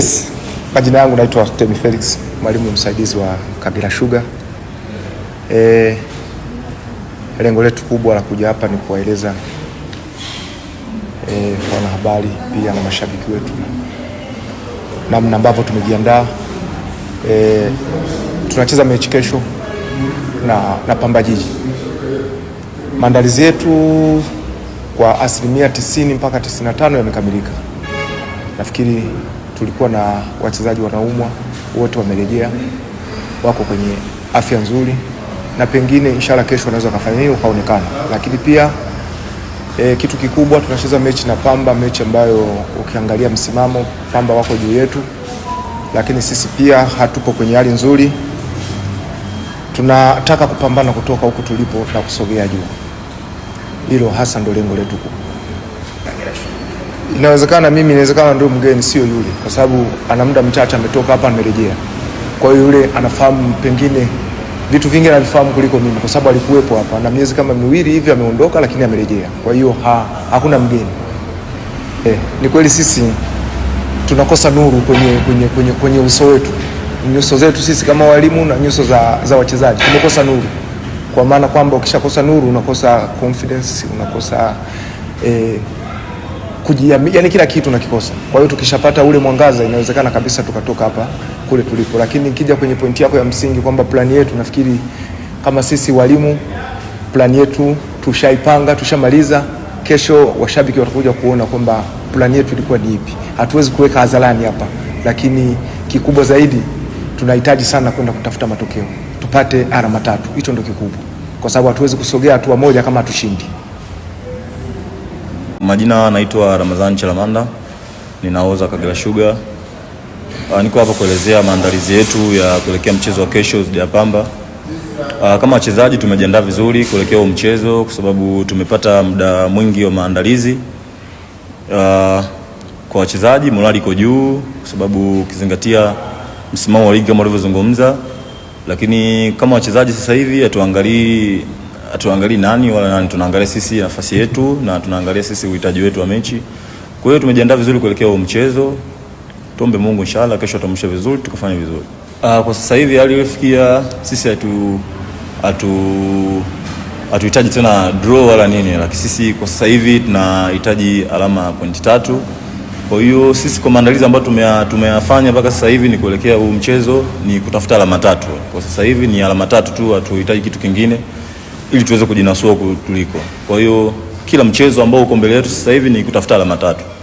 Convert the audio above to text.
Yes, majina yangu naitwa Temi Felix, mwalimu msaidizi wa Kagera Sugar. E, lengo letu kubwa la kuja hapa ni kuwaeleza e, wanahabari pia na mashabiki wetu namna ambavyo tumejiandaa. E, tunacheza mechi kesho na, na Pamba Jiji. Maandalizi yetu kwa asilimia tisini mpaka tisini na tano yamekamilika nafikiri tulikuwa na wachezaji wanaumwa wote wamerejea, wako kwenye afya nzuri, na pengine inshallah kesho wanaweza wakafanya hiyo ukaonekana. Lakini pia e, kitu kikubwa tunacheza mechi na Pamba, mechi ambayo ukiangalia msimamo Pamba wako juu yetu, lakini sisi pia hatupo kwenye hali nzuri. Tunataka kupambana kutoka huku tulipo na kusogea juu. Hilo hasa ndo lengo letu kubwa inawezekana mimi, inawezekana ndio mgeni, sio yule, kwa sababu ana muda mchache ametoka hapa, amerejea. Kwa hiyo yule anafahamu pengine vitu vingi anavifahamu kuliko mimi, kwa sababu alikuwepo hapa na miezi kama miwili hivi ameondoka, lakini amerejea. Kwa hiyo ha, hakuna mgeni eh. Ni kweli sisi tunakosa nuru kwenye, kwenye, kwenye, kwenye uso wetu, nyuso zetu sisi kama walimu na nyuso za, za wachezaji tumekosa nuru, kwa maana kwamba ukishakosa nuru unakosa confidence, unakosa eh, kujiamini, yani kila kitu nakikosa. Kwa hiyo tukishapata ule mwangaza, inawezekana kabisa tukatoka hapa kule tulipo. Lakini nikija kwenye pointi yako ya msingi kwamba plani yetu, nafikiri kama sisi walimu, plani yetu tushaipanga, tushamaliza. Kesho washabiki watakuja kuona kwamba plani yetu ilikuwa ni ipi. Hatuwezi kuweka hadharani hapa, lakini kikubwa zaidi tunahitaji sana kwenda kutafuta matokeo, tupate alama tatu. Hicho ndio kikubwa, kwa sababu hatuwezi kusogea hatua moja kama hatushindi majina naitwa ramadhan Chalamanda, ninaoza Kagera Sugar. Ah, niko hapa kuelezea maandalizi yetu ya kuelekea mchezo wa kesho dhidi ya Pamba. Ah, kama wachezaji tumejiandaa vizuri kuelekea huo mchezo kwa sababu tumepata muda mwingi wa maandalizi. Ah, kwa wachezaji morali iko juu kwa sababu ukizingatia msimamo wa ligi kama ulivyozungumza, lakini kama wachezaji sasa hivi hatuangalii hatuangalii nani wala nani, tunaangalia sisi nafasi yetu na tunaangalia sisi uhitaji wetu wa mechi. Kwa hiyo tumejiandaa vizuri kuelekea huo mchezo, tuombe Mungu inshallah kesho atamsha vizuri tukafanya vizuri. Uh, kwa sasa hivi hali iliyofikia sisi hatu hatu hatuhitaji tena draw wala nini, lakini sisi kwa sasa hivi tunahitaji alama pointi tatu. Kwa hiyo sisi kwa maandalizi ambayo tumea, tumeyafanya mpaka sasa hivi ni kuelekea huu mchezo ni kutafuta alama tatu. Kwa sasa hivi ni alama tatu tu, hatuhitaji kitu kingine ili tuweze kujinasua tuliko. Kwa hiyo kila mchezo ambao uko mbele yetu sasa hivi ni kutafuta alama tatu.